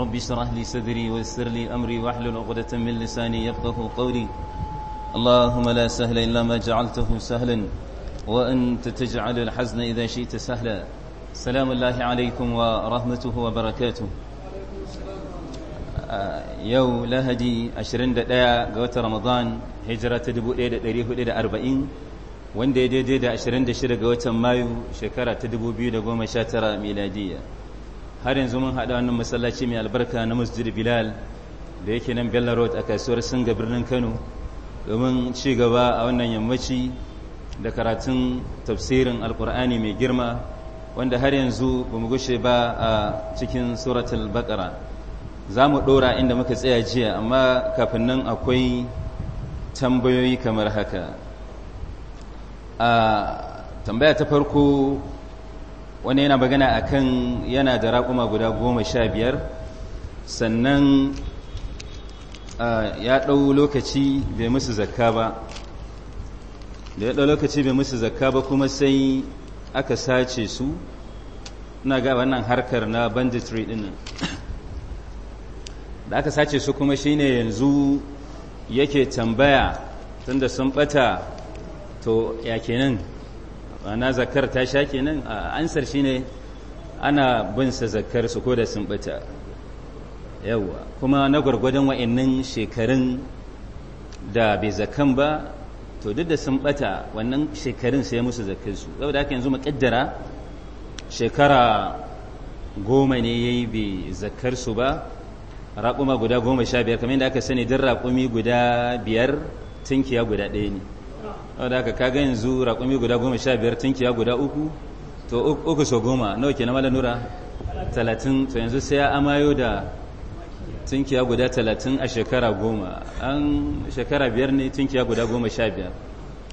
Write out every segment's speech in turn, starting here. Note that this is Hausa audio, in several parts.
رب اشرح لي صدري ويسر لي أمري واحلل عقدة من لساني يفقه قولي اللهم لا سهل إلا ما جعلته سهلا وأنت تجعل الحزن إذا شئت سهلا سلام الله عليكم ورحمته وبركاته yau lahadi 21 ga watan ramadan hijira ta 1440 wanda ya daidai da 26 ga watan mayu shekara ta 2019 miladiyya har yanzu mun haɗa wannan masallaci mai albarka na masjid bilal da yake nan bella road a kasuwar singa birnin kano domin ci gaba a wannan yammaci da karatun tafsirin alkur'ani mai girma wanda har yanzu ba mu gushe ba a cikin suratul bakara za mu ɗora inda muka tsaya jiya amma kafin nan akwai tambayoyi kamar haka a tambaya ta farko wani yana magana akan yana da raƙuma guda goma sha biyar sannan ya ɗau lokaci bai musu zakka ba da ya ɗau lokaci bai musu zakka ba kuma sai aka sace su na ga wannan harkar na banditry ɗin da aka sace su kuma shine yanzu yake tambaya tunda sun ɓata to ya kenan ana zakar ta sha kenan ansar shine ana bin sa zakar su koda sun bata yawa kuma na gwargwadon wa'annan shekarun da bai zakan ba to duk da sun bata wannan shekarun sai musu zakar su saboda haka yanzu muƙaddara shekara goma ne yayi bai zakar su ba raƙuma guda goma sha biyar kamar yadda aka sani duk raƙumi guda biyar tunkiya guda ɗaya ne wadda aka kaga yanzu raƙumi guda goma sha biyar tunkiya guda uku to uku so goma nawa ke na mala nura talatin to yanzu sai ya amayo da tunkiya guda talatin a shekara goma an shekara biyar ne tunkiya guda goma sha biyar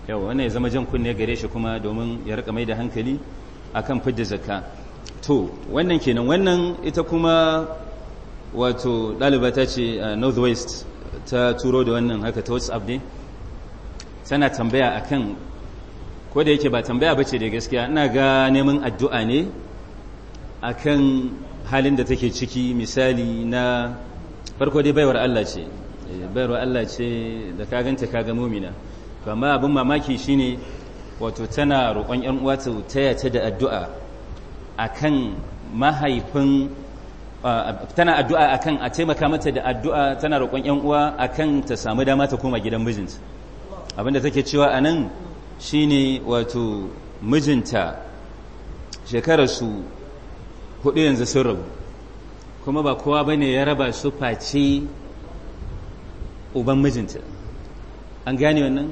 yau wannan ya zama jan kunne gare shi kuma domin ya rika mai da hankali akan fidda zaka to wannan kenan wannan ita kuma wato ɗaliba ta ce uh, northwest ta turo da wannan haka ta whatsapp ne tana tambaya a kan da yake ba tambaya bace da gaskiya ina ga neman addu'a ne a kan halin da take ciki misali na farko dai baiwar Allah ce eh, baiwar Allah ce da ka ganta ka ga mumina ba ma abin mamaki shine wato tana roƙon ƴan uwa ta taya ta da addu'a a kan mahaifin tana addu'a a kan a taimaka mata da addu'a tana roƙon ƴan uwa kan ta samu dama ta koma gidan mijinta abinda take cewa a nan ne wato mijinta shekararsu hudu yanzu sun rabu kuma ba kowa ba ne ya raba su face uban mijinta an gane wannan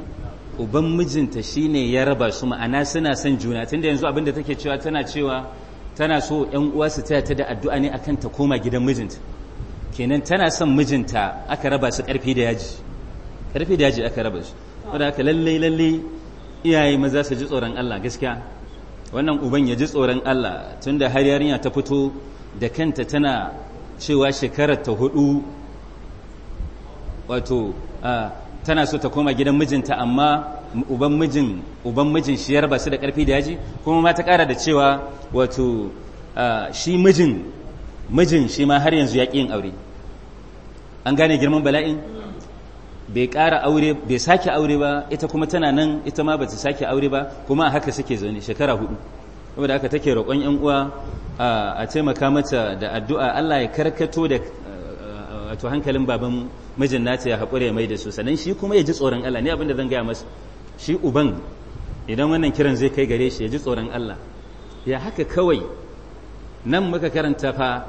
uban mijinta shi ne ya raba su ma'ana suna son juna tunda yanzu abinda take cewa tana cewa tana so yan uwa su taya ta da addu'a ne akan ta koma gidan mijinta kenan tana son mijinta aka raba su karfi da yaji karfi da yaji aka raba su wanda aka lalle lalle iyaye maza su ji tsoron Allah gaskiya wannan uban ya ji tsoron Allah tunda har yarinya ta fito da kanta tana cewa shekarar ta hudu wato tana so ta koma gidan mijinta amma uban mijin uban mijin shi ya raba su da karfi da yaji kuma ma ta kara da cewa wato shi mijin mijin shi ma har yanzu ya yin aure an gane girman bala'in bai ƙara aure bai sake aure ba ita kuma tana nan ita ma bata sake aure ba kuma a haka suke zaune shekara hudu saboda haka take roƙon yan uwa a taimaka mata da addu'a Allah ya karkato da wato hankalin baban mijin nata ya haƙura ya mai da su sannan shi kuma ya ji tsoron Allah ne abinda zan gaya masa shi uban idan wannan kiran zai kai gare shi ya ji tsoron Allah ya haka kawai nan muka karanta fa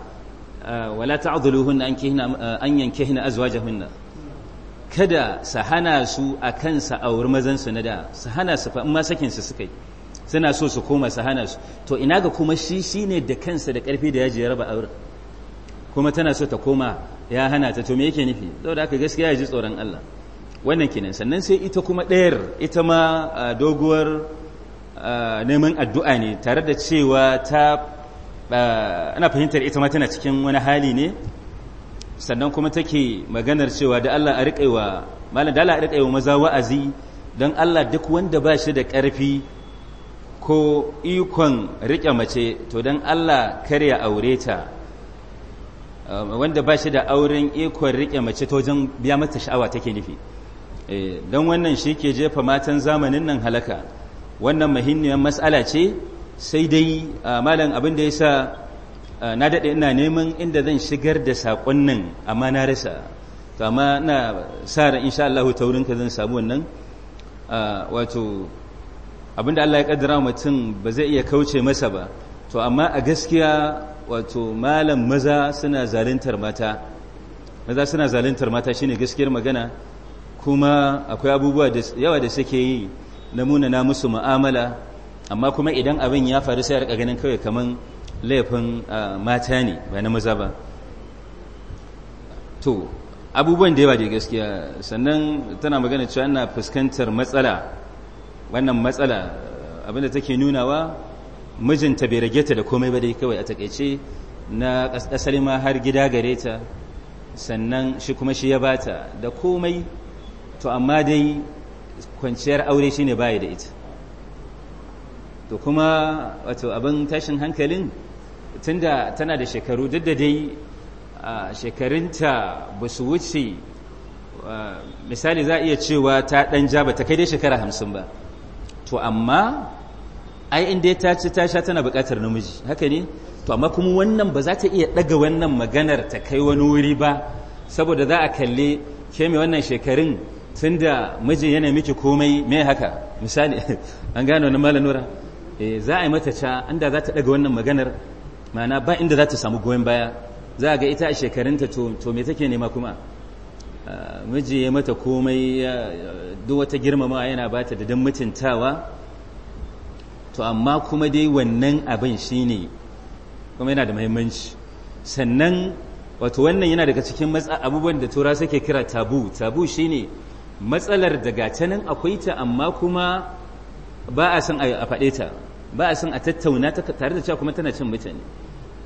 wala ta'dhuluhunna an yankihna azwajahunna kada su hana su a kan sa'awar mazansu na da su hana su fa ma sakin su suka yi suna so su koma su hana su to ina ga kuma shi shi ne da kansa da karfi da yaji ya raba auren kuma tana so ta koma ya hana ta to me yake nufi saboda haka gaskiya ya ji tsoron Allah wannan kenan sannan sai ita kuma ɗayar ita ma doguwar neman addu'a ne tare da cewa ta ana fahimtar ita ma tana cikin wani hali ne sannan kuma take maganar cewa da Allah a riƙewa malam da Allah a riƙewa maza wa'azi don Allah duk wanda ba shi da ƙarfi ko ikon riƙe mace to don Allah kar ya aure ta um, wanda ba shi da auren ikon riƙe mace to wajen biya mata sha'awa take nufi eh, don wannan shi ke jefa matan zamanin nan halaka wannan mahimmiyar matsala ce sai dai uh, malam abin da ya sa Ah, na daɗe ina neman inda zan shigar da saƙon nan amma na rasa to amma na sa ran insha Allah ta ka zan samu wannan ah, wato abinda Allah ya kaddara mutum ba zai iya kauce masa ba to amma a gaskiya wato malam maza suna zaluntar mata maza suna zaluntar mata shine gaskiyar magana kuma akwai abubuwa da yawa da suke yi na na musu mu'amala amma kuma idan abin ya faru sai a rika ganin kawai kaman laifin ah, mata ne ba na maza ba to abubuwan da yawa da gaskiya sannan tana magana cewa ana fuskantar matsala wannan matsala abinda take nunawa mijinta bai rage ta da komai ba dai kawai a takaice na asali ma har gida gare ta sannan shi kuma shi ya bata da komai to amma dai kwanciyar aure shine baya da ita to kuma wato abin tashin hankalin tunda tana da shekaru duk da dai shekarunta ba su wuce misali za a iya cewa ta ɗan ja ba ta kai dai shekara hamsin ba to amma ai inda ya ta ci ta sha tana buƙatar namiji haka ne to amma kuma wannan ba za ta iya ɗaga wannan maganar ta kai wani wuri ba saboda za a kalle ke mai wannan shekarun tun da mijin yana miki komai mai haka misali an gano wani malanura eh, za a yi mata ca inda za ta ɗaga wannan maganar ma'ana ba inda za ta samu goyon baya za a ga ita a shekarunta to me take nema kuma ah, miji ya mata komai duk wata girmama yana ba ta da don mutuntawa to amma kuma dai wannan abin shi ne kuma yana da mahimmanci sannan wato wannan yana daga cikin abubuwan da tura suke kira tabu tabu shi ne matsalar daga ta akwai ta amma kuma ba a san a faɗe ta ba a son a tattauna tare da cewa kuma tana cin mutane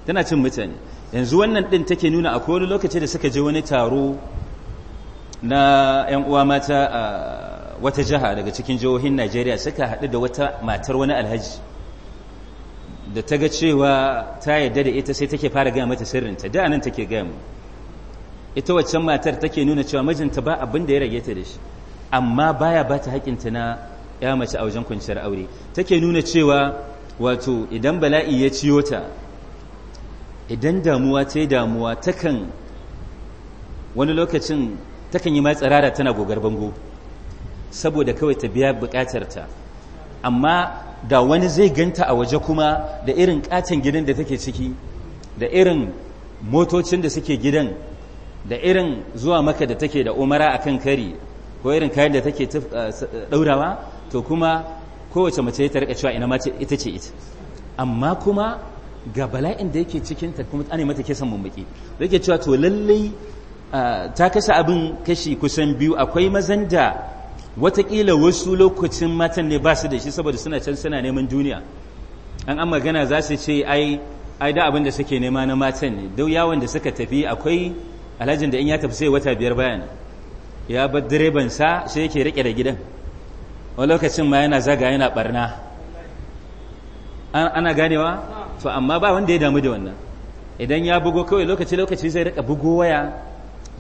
tana cin mutane yanzu wannan din take nuna a wani lokaci da suka je wani taro na 'yan uwa mata a wata jiha daga cikin jihohin najeriya suka haɗu da wata matar wani alhaji da ta ga cewa ta yarda da ita sai take fara gaya mata sirrinta da nan take gaya mu ita waccan matar take nuna cewa mijinta ba abin da ya rage ta da shi amma baya ba ta haƙinta na ya mace a wajen kwanciyar aure take nuna cewa wato idan bala'i ya ciyo ta idan damuwa ta yi damuwa takan wani lokacin takan yi matsarara tana gogar bango saboda kawai ta biya bukatar ta amma da wani zai ganta a waje kuma da irin katin gidan da take ciki da irin motocin da suke gidan da irin zuwa maka da take da umara a kan kari ko irin kayan da take daurawa to kuma kowace mace ta rika cewa ina mace ita ce ita amma kuma ga bala'in da yake cikin ta kuma ana mata kisan mummuki da yake cewa to lallai ta kashe abin kashi kusan biyu akwai mazan da watakila wasu lokacin matan ne ba su da shi saboda suna can suna neman duniya an an magana za su ce ai ai da abin da suke nema na matan ne dau yawon da suka tafi akwai alhajin da in ya tafi sai wata biyar bayan ya bar direban sa sai yake rike da gidan wani lokacin ma yana zaga yana barna ana ganewa to amma ba wanda ya damu da wannan idan ya bugo kawai lokaci lokaci zai rika bugo waya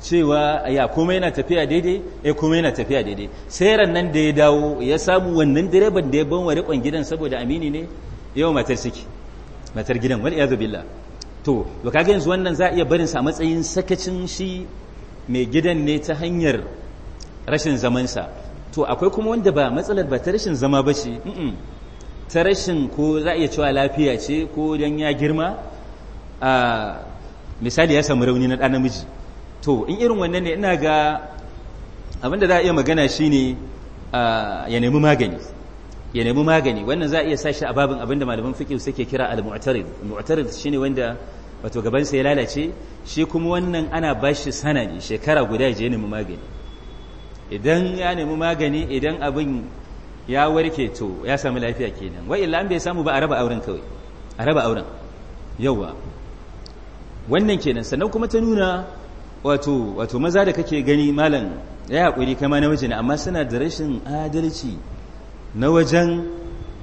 cewa ya kuma yana tafiya daidai ya eh, kuma yana tafiya daidai sai nan da ya dawo ya samu wannan direban da ya wari kwan gidan saboda amini ne yau matar ciki matar gidan wani ya zubilla to to kaga yanzu wannan za a iya barinsa a matsayin sakacin shi mai gidan ne ta hanyar rashin zamansa to akwai kuma wanda ba matsalar ba ta rashin zama ba ce ta rashin ko za a iya cewa lafiya ce ko don ya girma a misali ya samu rauni na ɗan namiji to in irin wannan ne ina ga abinda za a iya magana shi ne ya nemi magani ya nemi magani wannan za a iya sashi a babin abinda malaman fiqh suke kira al-mu'tarid mu'tarid ne wanda wato gabansa ya lalace shi kuma wannan ana bashi sanani shekara guda ya je nemi magani idan ya nemi magani idan abin ya warke to ya sami lafiya kenan wa illa an bai samu ba a raba auren kawai a raba auren yawa wannan kenan sannan kuma ta nuna wato wato maza da kake gani malam ya hakuri kama na ne amma suna da rashin adalci na wajen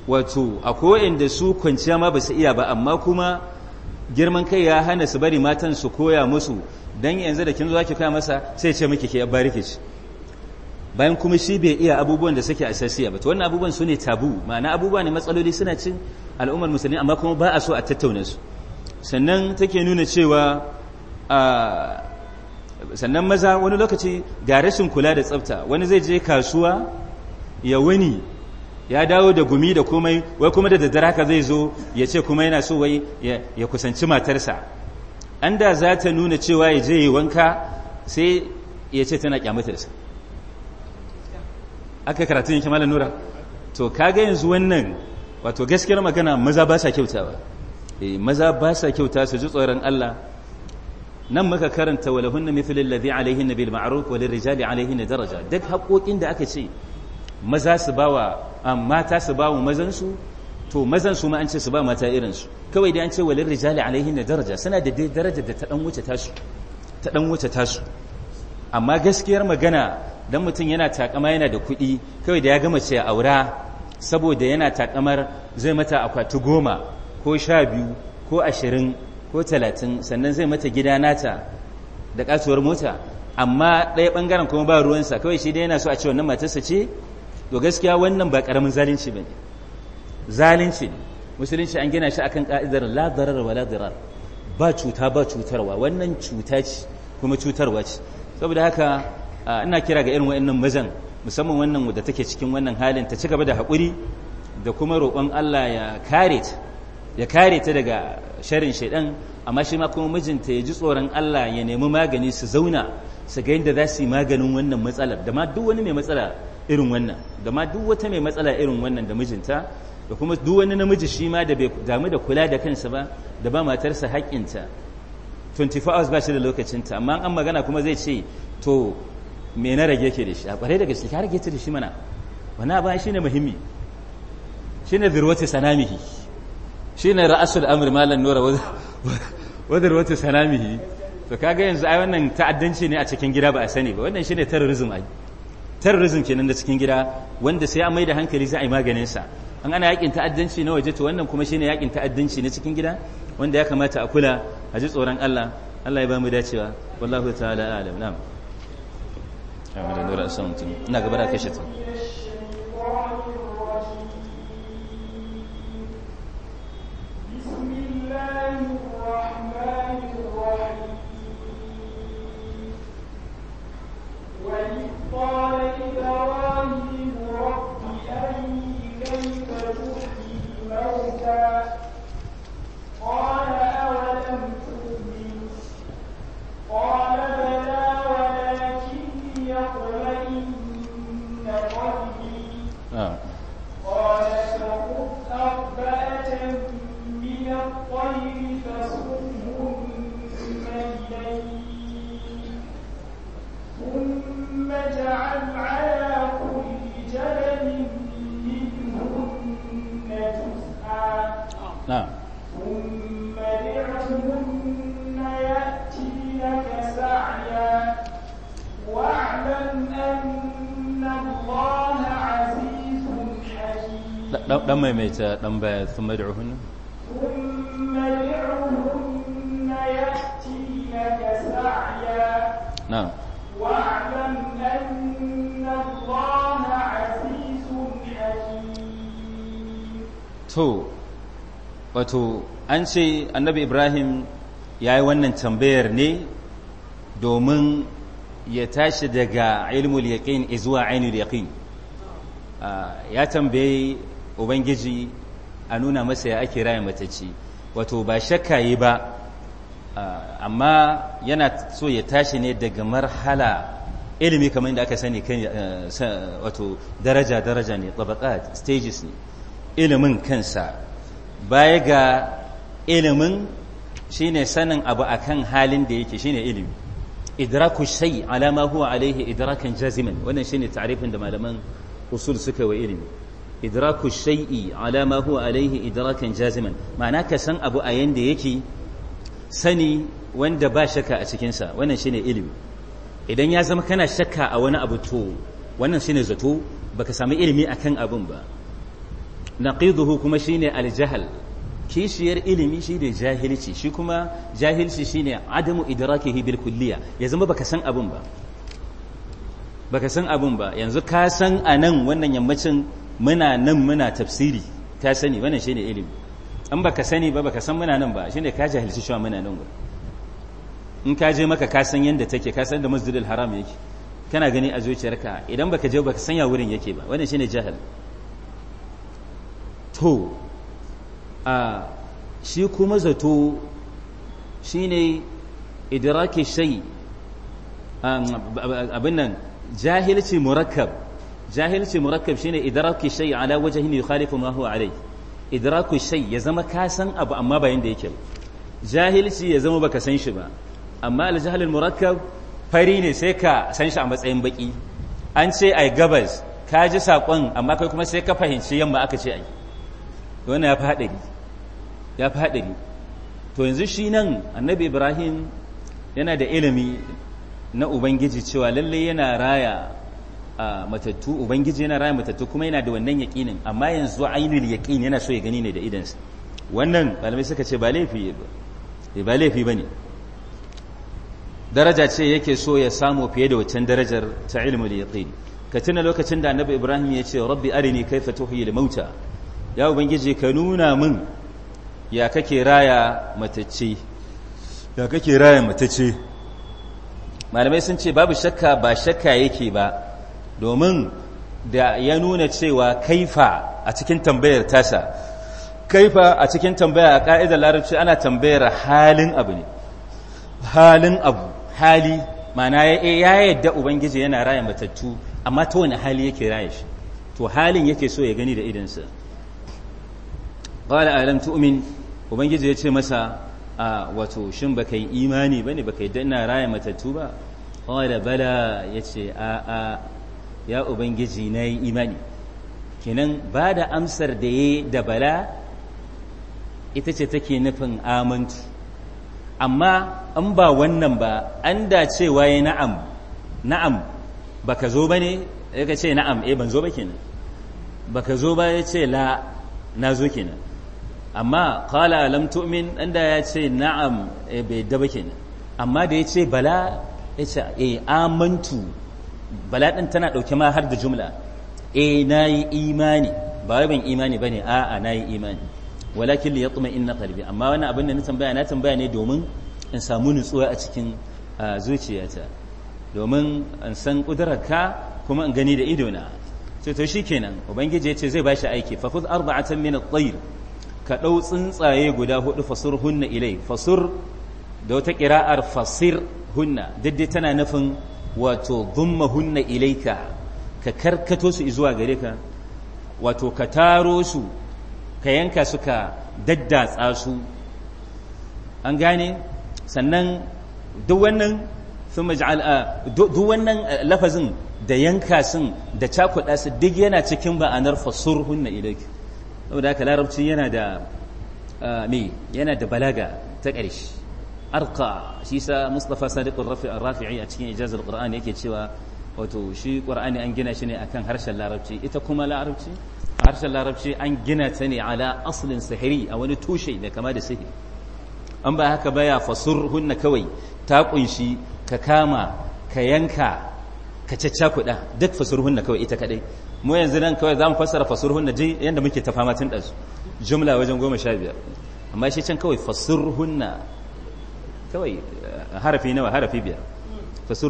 wato a ko'in da su kwanciya ma ba su iya ba amma kuma girman kai ya hana su bari matan su koya musu dan yanzu da kin zo zaki koya masa sai ce miki ke rikici. bayan kuma shi bai iya abubuwan da suke asasiya ba to wannan abubuwan su ne tabu ma'ana abubuwa ne matsaloli suna cin al'ummar musulmi amma kuma ba a so a tattauna su sannan take nuna cewa sannan maza wani lokaci ga rashin kula da tsafta wani zai je kasuwa ya wani ya dawo da gumi da komai wai kuma da daddare haka zai zo ya ce kuma yana so wai ya kusanci matarsa an da za ta nuna cewa ya je yi wanka sai ya ce tana kyamatarsa aka karatun yake malam nura to kaga yanzu wannan wato gaskiyar magana maza ba sa kyautawa eh maza ba sa kyauta su ji tsoron Allah nan muka karanta na mithlul ladhi alaihin bil ma'ruf wa lirijali alaihin daraja duk haƙoƙin da aka ce maza su bawa ah, mata su bawa mazan su to mazan su ma an ce su ba mata irin su kawai dai an ce walil rijali alaihin daraja suna da dai daraja da ta dan wuce tasu ta dan wuce tasu amma gaskiyar magana dan mutum yana takama yana da kuɗi kawai da ya gama ce aura saboda yana takamar zai mata akwati goma ko sha biyu ko ashirin ko talatin sannan zai mata gida nata da kasuwar mota amma ɗaya ɓangaren kuma ba ruwansa kawai shi dai yana so a ce wannan matarsa ce to gaskiya wannan ba ƙaramin zalunci ba ne zalunci musulunci an gina shi a kan ƙa'idar darar wa la ba cuta ba cutarwa wannan cuta ce kuma cutarwa ce saboda haka Ah, ina kira ga irin wa'annan mazan musamman wannan da take cikin wannan halin ta ci gaba da haƙuri da kuma roƙon Allah ya kare ta ya kare ta daga sharin shaidan amma shi ma kuma mijinta ya ji tsoron Allah ya nemi magani su zauna su ga yadda za su yi maganin wannan matsalar da ma duk wani mai matsala irin wannan da ma duk wata mai matsala irin wannan da mijinta da kuma duk wani namiji shi ma da bai damu da kula da kansa ba da ba matarsa haƙƙinta 24 hours ba shi da lokacinta amma an magana kuma zai ce to me na rage yake da shi a ƙwarai daga gaske ka rage ta da shi mana wani abin shi ne muhimmi shi ne zirwata sanamihi shi ne ra'asul amur malan nura wadarwata sanamihi to kaga yanzu ai wannan ta'addanci ne a cikin gida ba a sani ba wannan shi ne terrorism ai terrorism nan da cikin gida wanda sai an mai da hankali za a yi maganin sa an ana yakin ta'addanci na waje to wannan kuma shine yakin ta'addanci na cikin gida wanda ya kamata a kula a ji tsoron Allah Allah ya ba mu dacewa wallahu ta'ala a'lam na'am game da dora san mutum ina gaba da kashe ta قال أولم تؤمن قال بلى غيري آه. قال فخذ أربعة من الطير فصرهن إليك ثم اجعل على كل منهن جزءا نعم dan maimaita dan baya sun mad'uhunna نعم واعلم أن wato an ce annabi ibrahim ya yi wannan tambayar ne domin ya tashi daga ilmul yaqin zuwa ainul yaqin ah, ya tambayi ubangiji a nuna masa ya ake raya matacci wato ba shakka yi ba amma yana so ya tashi ne daga marhala ilimi kamar da aka sani kan eh, wato daraja daraja ne tabaqat stages ne ilimin kansa baya ga ilimin shine sanin abu akan halin da yake shine ilimi idraku shay ala ma huwa alaihi idrakan jaziman wannan shine ta'rifin da malaman usul suka wa ilimi idraku shay'i ala ma huwa alaihi idrakan jaziman ma'ana ka san abu a yanda yake sani wanda ba shakka a cikin sa wannan shine ilimi idan ya zama kana shakka a wani abu to wannan shine zato baka samu ilimi akan abun ba naqiduhu kuma shine aljahl kishiyar ilimi da jahilci shi kuma jahilci shine adamu idrakihi bil kulliya ya zama baka san abun ba baka san abun ba yanzu ka san anan wannan yammacin muna nan muna tafsiri ta sani wannan shi ne ilimi in ka sani ba ka san muna nan ba shi ne ka jahilci wa muna nan gurin in ka je maka ka san yadda take ka san da masjidil haram yake kana gani a zuciyarka idan baka je baka san ya wurin yake ba wannan shine jahil to a shi kuma zato shine idraki shay um, abin nan jahilci murakkab jahilci murakkab shine idraku shay ala wajhin yukhalifu ma huwa alai idraku shay ya zama ka san abu amma ba yanda yake jahilci ya zama baka san shi ba amma al jahl al murakkab fari ne sai ka san shi a matsayin baki an ce ai gabas ka ji sakon amma kai kuma sai ka fahimci yamma aka ce ai wannan ya fi ya fi to yanzu shi nan annabi ibrahim yana da ilimi na ubangiji cewa lalle yana raya matattu ubangiji yana raya matattu kuma yana da wannan yaƙinin amma yanzu ainihin yaƙin yana so ya gani ne da idansa wannan malamai suka ce eh, ba laifi ba ne daraja ce yake so ya samu fiye da waccan darajar ta ilmul yaƙin ka tuna lokacin da annabi ibrahim ya ce rabbi arini kaifa da mauta ya ubangiji ka nuna min ya kake raya matacce ya kake raya matacce malamai sun ce babu shakka ba shakka yake ba domin da ya nuna cewa kaifa a cikin tambayar tasa kaifa a cikin tambaya a ka'idar larabci ana tambayar halin abu ne halin abu hali mana ya yadda ubangiji yana raya matattu amma ta wani hali yake raya shi to halin yake so ya gani da idansa qala alam tu'min ubangiji ya ce masa a wato shin baka yi imani ne baka yadda ina raya matattu ba da bala yace a a ya ubangiji na yi imani kenan ba da amsar da ya da bala ita ce take nufin amintu amma an ba wannan ba an da cewa ya na'am na'am ba ka zo ba ne ya ka ce na'am eh ban zo ba kenan ba ka zo ba ya ce la na zo kenan amma kala lam tu'min an da ya ce na'am eh, bai da ba kenan amma da ya ce bala ya ce eh amintu bala din tana dauke ma har da jumla eh nayi imani ba wai ban imani bane a'a nayi imani walakin li yatma inna qalbi amma wannan abin da na tambaya na tambaya ne domin in samu nutsuwa a cikin zuciyata domin in san kudurarka kuma in gani da idona to to shikenan ubangiji ya ce zai bashi aiki fa khudh arba'atan min at-tayr ka dau tsuntsaye guda hudu fasurur-hunna ilai fasur da wata qira'ar fasir hunna daidai tana nufin wato hunna ilaika ka karkato su zuwa gare ka wato ka taro su ka yanka su ka daddatsa su an gane sannan duk wannan sun duk wannan lafazin da yanka sun da cakuɗa su duk yana cikin ba'anar fasurhunna ilaika saboda haka larabci yana da me yana da balaga ta ƙarshe arqa shi sa mustafa sadiq rafi'i a cikin ijazar qur'ani yake cewa wato shi qur'ani an gina shi ne akan harshen larabci ita kuma larabci harshen larabci an gina ta ne ala aslin sihiri a wani tushe da kama da sihiri an ba haka baya fasur hunna kawai ta kunshi ka kama ka yanka ka caccakuɗa duk fasur hunna kawai ita kadai mu yanzu nan kawai za mu fassara fasur hunna ji yadda muke ta fama tun ɗansu jumla wajen goma sha biyar amma shi can kawai fasur hunna kawai eh, harafi nawa harafi biyar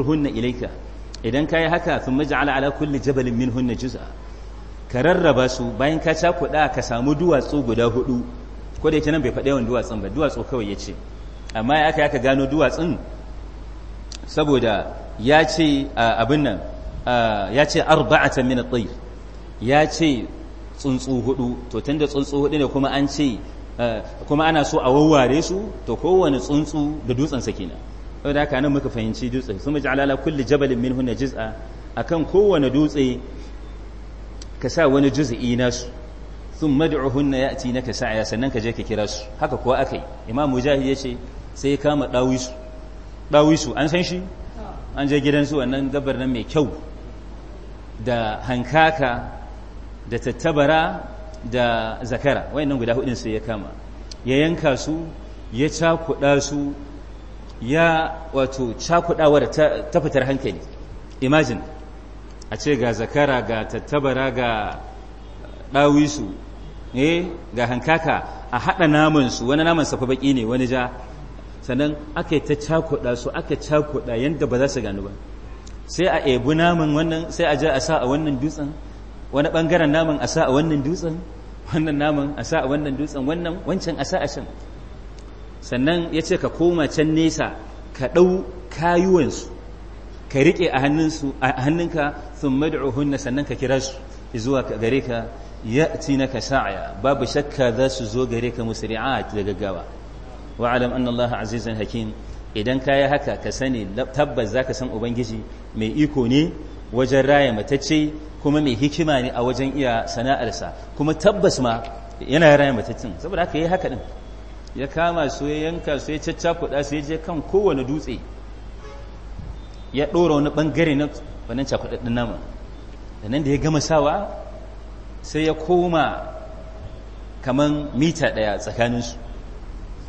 hunna ilaika idan kayi haka sun maja'ala ala kulli jabalin hunna juz'a ka rarraba su bayan ka kuɗa ka samu duwatsu guda hudu ko da yake nan bai faɗi yawan duwatsun ba duwatsu kawai ya ce amma ya aka gano duwatsun saboda ya ce abin nan ya ce arba'atan min at ya ce tsuntsu hudu to tunda tsuntsu hudu ne kuma an ce Eh, kuma ana so a wawware su to kowane tsuntsu da dutsen sa kenan saboda haka nan muka fahimci dutse sun ji alala kulli jabalin min hunna juz'a akan kowane dutse ka sa wani juz'i nasu sun hunna ya'ti naka sa'ya sannan ka je ka kira su haka kuwa akai imam mujahid yace sai kama dawisu dawisu an san shi an je gidan su wannan dabbar nan mai kyau da hankaka da tattabara da zakara wayannan guda hudun sai ya kama ya yanka su ya cakuɗa su ya wato cakuɗawar ta fitar hankali imagine a ce ga zakara ga tattabara ga su ne eh, ga hankaka a haɗa namansu wani naman safa baƙi ne wani ja sannan aka yi ta cakuɗa su aka cakuɗa yadda ba za su gani ba sai a ebi naman wannan sai a ja a sa a wannan dutsen wani ɓangaren naman a sa a wannan dutsen wannan naman a sa a wannan dutsen wannan wancan a sa a can sannan ya ce ka koma can nesa ka ɗau kayuwansu ka riƙe a hannunka sun hunna sannan ka kira su zuwa gare ka ya ci na ka sa'aya babu shakka za su zo gare ka musri'at da gaggawa wa'alam anna Allah azizan hakim idan ka yi haka ka sani tabbas za ka san ubangiji mai iko ne wajen raya matacce kuma mai hikima ne a wajen iya sana'arsa kuma tabbas ma yana raya matattun saboda aka yi haka ɗin ya kama su ya yanka su ya kuɗa su ya je kan kowane dutse ya ɗora wani ɓangare na wannan cakuɗaɗɗen nama da nan da ya gama sawa sai ya koma kaman mita ɗaya tsakaninsu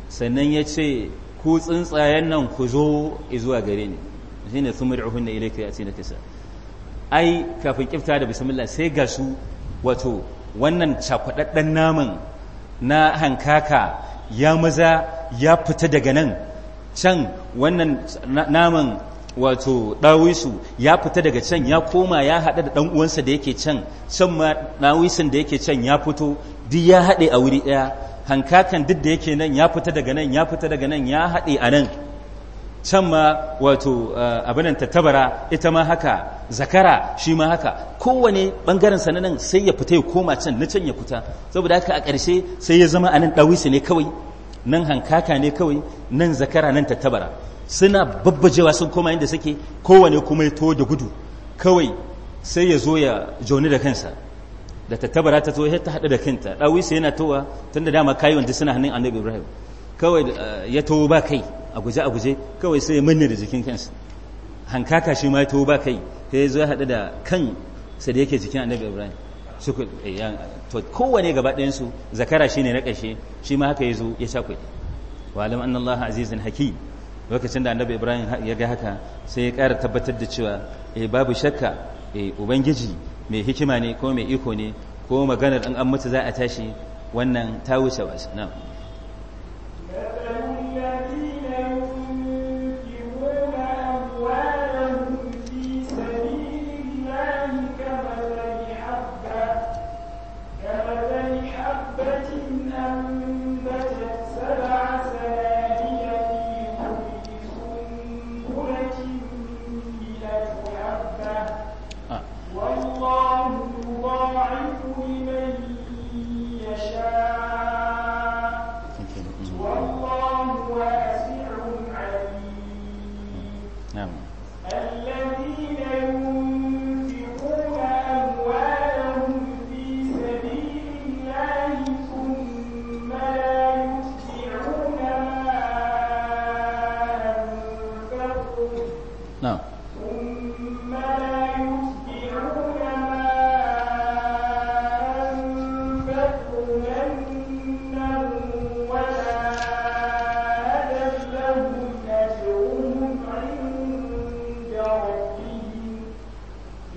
sannan ya ce ku tsuntsayen nan ku zo zuwa gare ni shi ne sun na na kisa ai kafin kifta da bismillah sai ga su wato wannan cakwadadden naman na hankaka ya maza ya fita daga nan can wannan naman wato ɗawisu ya fita daga can ya koma ya haɗa da ɗan uwansa da yake can can ma ɗawisun da yake can ya fito duk ya haɗe a wuri ɗaya hankakan duk da yake nan ya fita daga nan ya fita daga nan ya haɗe a nan can ma wato eh, abinan tattabara ita ma haka zakara shi ma haka kowane bangaren sananan sai ya fita ya koma can na can ya fita saboda haka a ƙarshe sai ya zama anan ɗawisi ne kawai nan hankaka ne kawai nan zakara nan tattabara suna babbajewa sun koma inda suke kowane kuma ya to da gudu kawai sai ya zo ya jauni da kansa da tattabara ta zo ta haɗu da kanta ɗawisi yana towa tun da dama kayi wanda suna hannun annabi ibrahim kawai eh, ya towo ba kai a guje a guje kawai sai ya manne da jikin kansa hankaka shi ma to ba kai sai ya zo haɗu da kan sa da yake jikin annabi ibrahim eh, to kowane gaba ɗayan zakara shi ne na ƙashe shi ma haka ya zo ya shakwai wa alam anna allah azizun hakim lokacin da annabi ibrahim ya ga haka sai ya ƙara tabbatar da cewa eh babu shakka eh ubangiji mai hikima ne ko mai iko ne ko maganar in an mutu za a tashi wannan ta wuce wasu na'am نعم ثم لا يتبعون ما أنفقوا منا ولا أذى لهم أجرهم عند ربهم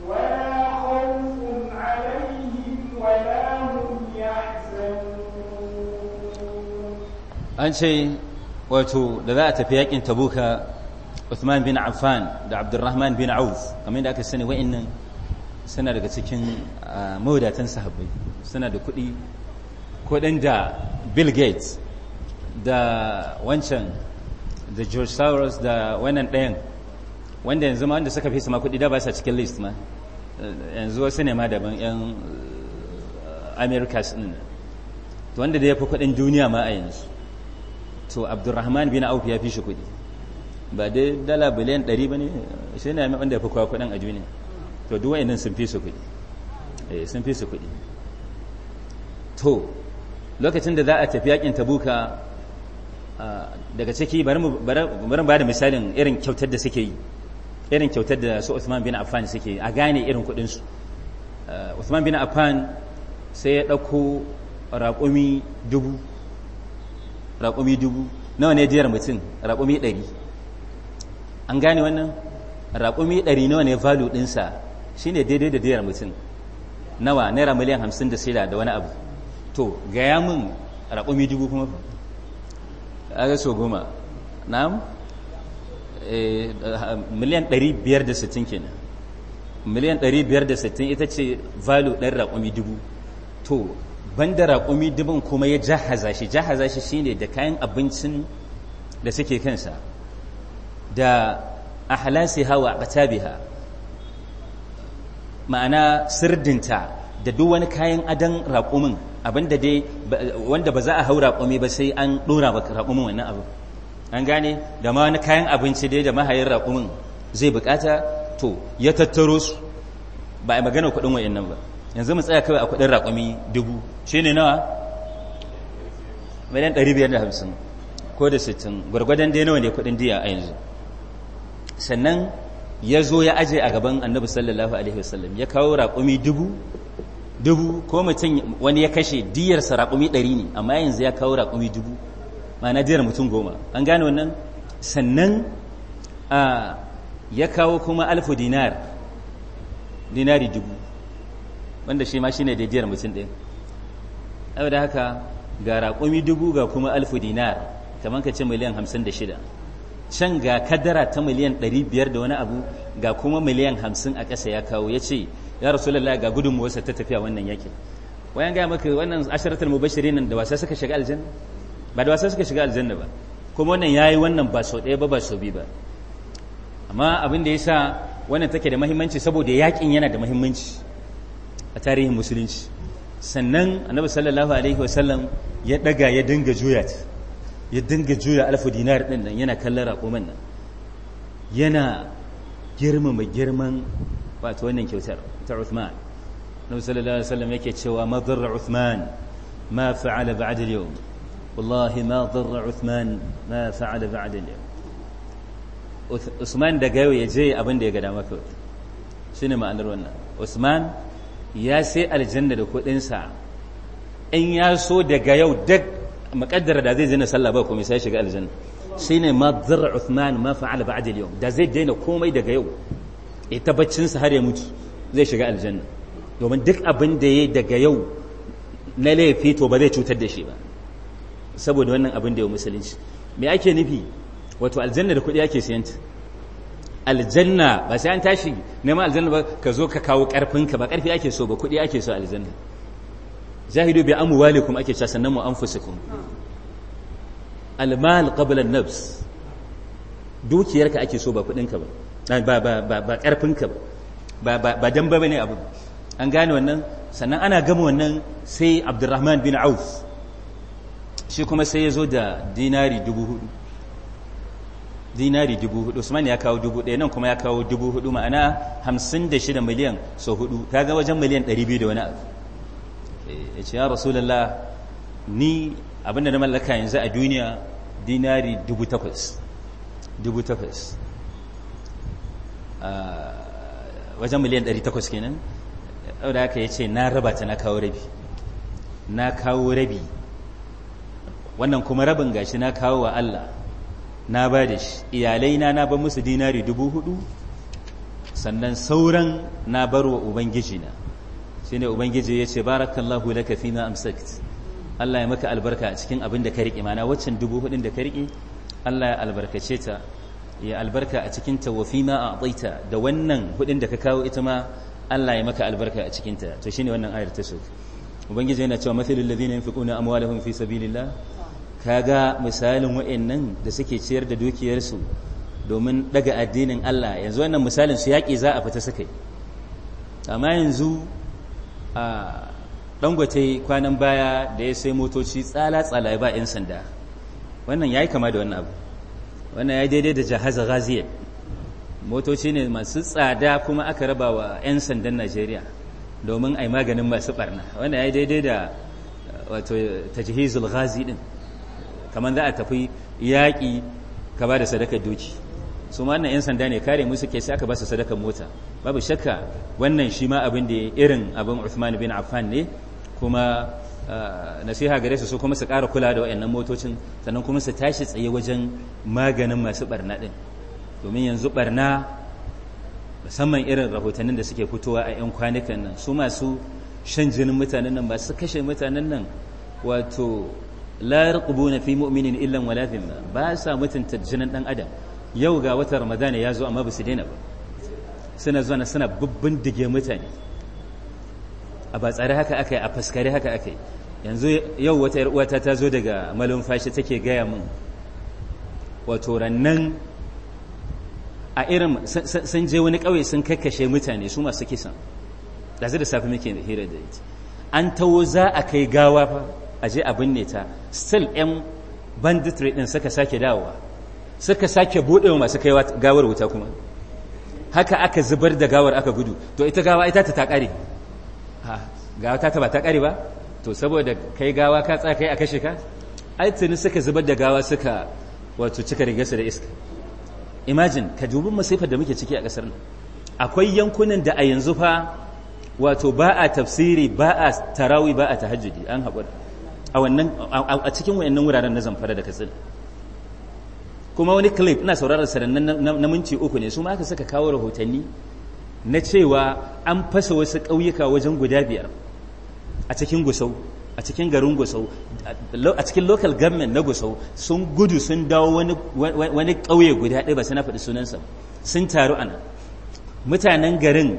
ولا خوف عليهم ولا هم يحزنون أنت wato da za a tafi Uthman bin Affan da Abdurrahman bin Auf kamar da aka sani wa'annan suna daga cikin ah, mawadatan sahabbai suna da kuɗi kuɗin da Bill Gates da wancan da George Soros da wannan ɗayan wanda yanzu ma wanda suka fi su ma kuɗi da ba sa cikin list ma yanzu wasu ne ma daban yan ah, Americas din to wanda da ya fi kuɗin duniya ma a yanzu to abdurrahman bin auf ya fi shi kuɗi ba dai dala biliyan ɗari ba ne sai na mai wanda ya fi kwa ɗan a duniya to duk inin sun fi su kudi eh sun fi su kudi to lokacin da za a tafi yakin tabuka daga ciki bari mu ba da misalin irin kyautar da suke yi irin kyautar da su Uthman bin Affan suke yi a gane irin kudin su Uthman bin Affan sai ya ɗauko raƙumi dubu raƙumi dubu nawa ne jiyar mutum raƙumi ɗari an gane wannan raƙumi ɗari nawa ne value ɗinsa shine daidai da daidai mutum nawa naira miliyan hamsin da shida da wani abu to gaya min raƙumi dubu kuma ga so goma na'am eh, miliyan ɗari biyar da sittin kenan miliyan ɗari biyar da sittin ita ce value ɗin raƙumi dubu to banda raƙumi dubun kuma ya jahaza shi jahaza shi shine da kayan abincin da suke kansa da hawa wa aqtabiha ma'ana sirdinta da duk wani kayan adan raƙumin abinda dai wanda ba za a hau raƙumi ba sai an ɗora ba raƙumin wannan abu an gane da ma wani kayan abinci dai da mahayin raƙumin zai bukata to ya tattaro su ba a magana kuɗin nan ba yanzu mu tsaya kawai a kuɗin raƙumi dubu shi ne nawa miliyan ɗari biyar da hamsin ko da sittin gwargwadon dai nawa ne kuɗin diya a yanzu sannan ya zo ya aje a gaban annabi sallallahu alaihi wasallam ya kawo raƙumi dubu dubu ko mutum wani ya kashe diyarsa raƙumi ɗari ne amma yanzu ya kawo raƙumi dubu ma'ana diyar mutum goma an gane wannan sannan ya kawo kuma alfu dinar dinari dubu wanda shi ma shine diyar mutum ɗin da haka ga raƙumi dubu ga kuma alfu dinar kamar ka ce miliyan hamsin da shida can ga kadara ta miliyan 500 da wani abu ga kuma miliyan 50 a ƙasa ya kawo ya ce ya rasulullah ga gudunmuwarsa ta tafiya wannan yakin wayan gaya maka wannan asharatul mubashirin da wasa suka shiga aljanna ba da wasa suka shiga aljanna ba kuma wannan yayi wannan ba sau ɗaya ba ba sau biyu ba amma abin da ya sa wannan take da muhimmanci saboda yakin yana da muhimmanci a tarihin musulunci sannan annabi sallallahu alaihi wasallam ya ɗaga ya dinga juya ta ya dinga juya alfa dinar din nan yana kallon raƙuman nan yana girmama girman wato wannan kyautar ta Uthman Nabi sallallahu alaihi wasallam yake cewa ma dharra Uthman ma fa'ala ba'da al-yawm wallahi ma dharra Uthman ma fa'ala ba'da al-yawm Usman daga yau ya je abin da ya gada dama kawai shine ma'anar wannan Usman ya sai aljanna da kuɗinsa in ya so daga yau duk makaddara da zai zina sallah ba komai sai shiga aljanna shine ma zarra Uthman ma fa'ala ba'da al-yawm da zai daina komai daga yau eh tabbacin sa har ya mutu zai shiga aljanna domin duk abin da yayi daga yau na laifi to ba zai cutar da shi ba saboda wannan abin da ya musulunci me ake nufi wato aljanna da kuɗi ake siyanta aljanna ba sai an tashi neman aljanna ba ka zo ka kawo ka ba karfi ake so ba kuɗi ake so aljanna jahidu bi amwalikum ake cewa sannan mu anfusikum almal qabla an-nafs dukiyarka ake so ba kudinka ba ba ba ba ba ka ba ba ba dan ba bane abu an gane wannan sannan ana gama wannan sai Abdurrahman bin Auf shi kuma sai ya zo da dinari dubu hudu dinari dubu hudu Usman ya kawo dubu ɗaya nan kuma ya kawo dubu hudu ma'ana hamsin da shida miliyan sau hudu ta ga wajen miliyan ɗari biyu da wani abu ya ce ya rasulallah ni abinda na mallaka yanzu a duniya dinari dubu takwas dubu takwas ah, wajen miliyan ɗari takwas kenan da aka ya ce na raba ta na kawo rabi na kawo rabi wannan kuma rabin gashi na kawo wa Allah na ba da shi iyalaina na ba musu dinari dubu hudu sannan sauran na bar wa na. ne ubangiji ya ce barakallahu laka fina amsakt Allah ya maka albarka a cikin abin da ka riƙe mana waccan dubu hudun da ka riƙe Allah ya albarkace ta ya albarka a cikin ta wa fima a'taita da wannan hudun da ka kawo ita ma Allah ya maka albarka a cikin ta to shine wannan ayar ta so ubangiji yana cewa mathalul ladina yunfiquna amwalahum fi sabilillah kaga misalin wayannan da suke ciyar da dukiyarsu domin daga addinin Allah yanzu wannan misalin su yaƙi za a fita suka yi amma yanzu a dangote kwanan baya da ya sai motoci tsala-tsala ya ba 'yan sanda wannan ya yi kama da wannan abu wannan ya daidai da jahazar raziyar motoci ne masu tsada kuma aka raba wa 'yan sandan najeriya domin a yi maganin masu barna wannan ya daidai da wato tajihizul ghazi din kamar za a tafi yaƙi ka ba da sadakar doki su ma wannan 'yan sanda ne kare musu ke sai aka su sadaka mota babu shakka wannan shi ma abin da irin abin Uthman bin Affan ne kuma ah, nasiha gare su su kuma su ƙara kula da wayannan motocin sannan kuma su tashi tsaye wajen maganin masu barna din domin yanzu barna musamman irin rahotannin da suke fitowa a 'yan kwanukan nan su masu shan jinin mutanen nan masu kashe mutanen nan wato la yarqubuna fi mu'minin illa wala ba sa mutunta jinin dan adam yau ga watan ramadana ya zo amma ba su daina ba suna zuwa suna babban dige mutane a ba tsare haka aka yi a faskare haka aka yi yanzu yau wata uwata ta zo daga fashi take gaya mun wato rannan a irin sun je wani ƙauye sun kakkashe mutane su masu kisan da zai da safi muke hira da yake an tawo za a kai gawa fa a je a binne ta still yan banditry din suka sake dawowa suka sake buɗe wa masu kaiwa gawar wuta kuma haka aka zubar da gawar aka gudu to ita gawa ita ta ƙare gawa ta ba ta ƙare ba to saboda kai gawa ka tsaya kai a kashe ka ai tuni suka zubar da gawa suka wato cika rigarsa da iska imagine ka dubi masifar da muke ciki a ƙasar nan akwai yankunan da a yanzu fa wato ba a tafsiri ba a tarawi ba a tahajjudi an haƙura a cikin wayannan wuraren na zamfara da katsina kuma wani clip ina sauraron sa na minti uku ne su ma aka saka kawo rahotanni na cewa an fasa wasu ƙauyuka wajen guda biyar a cikin gusau a cikin garin gusau a cikin local government na gusau sun gudu sun dawo wani ƙauye guda ɗaya ba su na faɗi sunansa sun taru a nan. mutanen garin